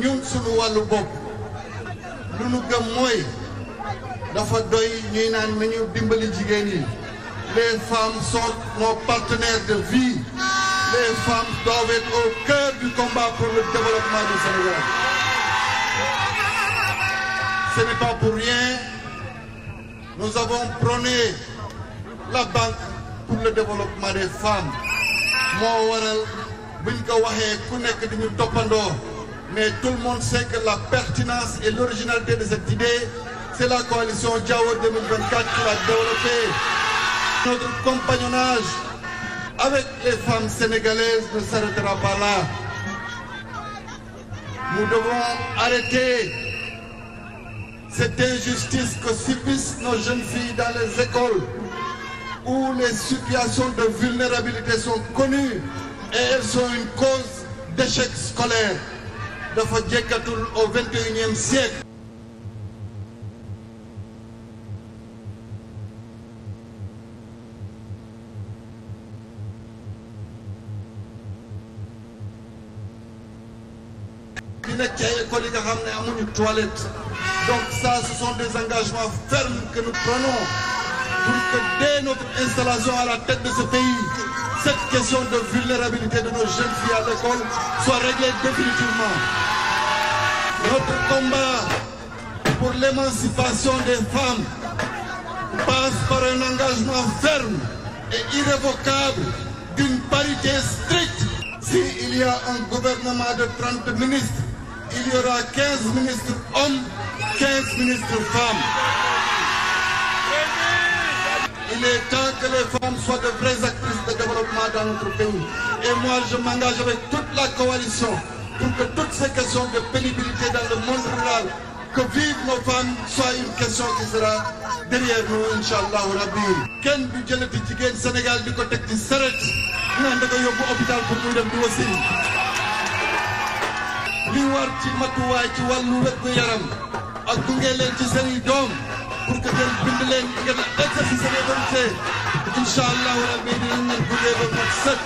ñu suñu wàllu bopp lu nu gëm mooy dafa doy ñuy naan nañu dimbali jigéen yi les femmes sont nos partenaires de vie les femmes doivent être au cœur du combat pour le développement du Sénégal ce n'est pas pour rien nous avons prôné la banque pour le développement des femmes moo waral buñ ko waxee ku nekk di ñu toppandoo mais tout le monde sait que la pertinence et l'originalité de cette idée, c'est la coalition Diao 2024 qui l'a développée. Notre compagnonnage avec les femmes sénégalaises ne s'arrêtera pas là. Nous devons arrêter cette injustice que subissent nos jeunes filles dans les écoles, où les situations de vulnérabilité sont connues et elles sont une cause d'échec scolaire. dafa jekkatul au vingt et unième siècle di nekk ci ay écoles yi nga xam ne amuñu toilette donc ça ce sont des engagements fermes que nous prenons pour que notre installation à la tête de ce pays cette question de vulnérabilité de nos jeunes filles l'école soit réglée définitivement. Notre combat pour l'émancipation des femmes passe par un engagement ferme et irrévocable d'une parité stricte. S'il y a un gouvernement de 30 ministres, il y aura ministres hommes, ministres femmes. Il est temps que les femmes soient de vraies actrices de développement dans moi, je m'engage avec toute la coalition pour que toutes ces questions de pénibilité dans le monde rural, que vivent nos femmes, soit une question qui sera derrière Rabbi. Kenn du jëlati jigéen Sénégal di ko teg ci seret naan da nga yóbbu hôpital di wasin li war ci matuwaay ci wàllu wér-gu-yaram ak gunge leen ci seen doom pour que ngeen bind taxawal mat sëkk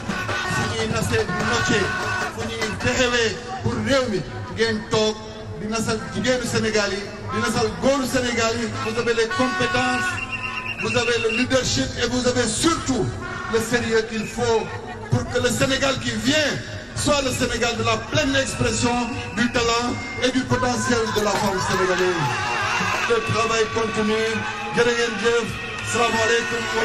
fu ñuy nasee di noccee fu ñuy fexewee pour yi di nasal góoru Sénégal yi vous avez les compétences vous avez le leadership et vous avez surtout le sérieux qu'il faut pour que le Sénégal qui vient soit le Sénégal de la pleine expression du talent et du potentiel de la femme sénégalaise. Le travail continue. Jërë ngeen jëf. Salaamaaleykum.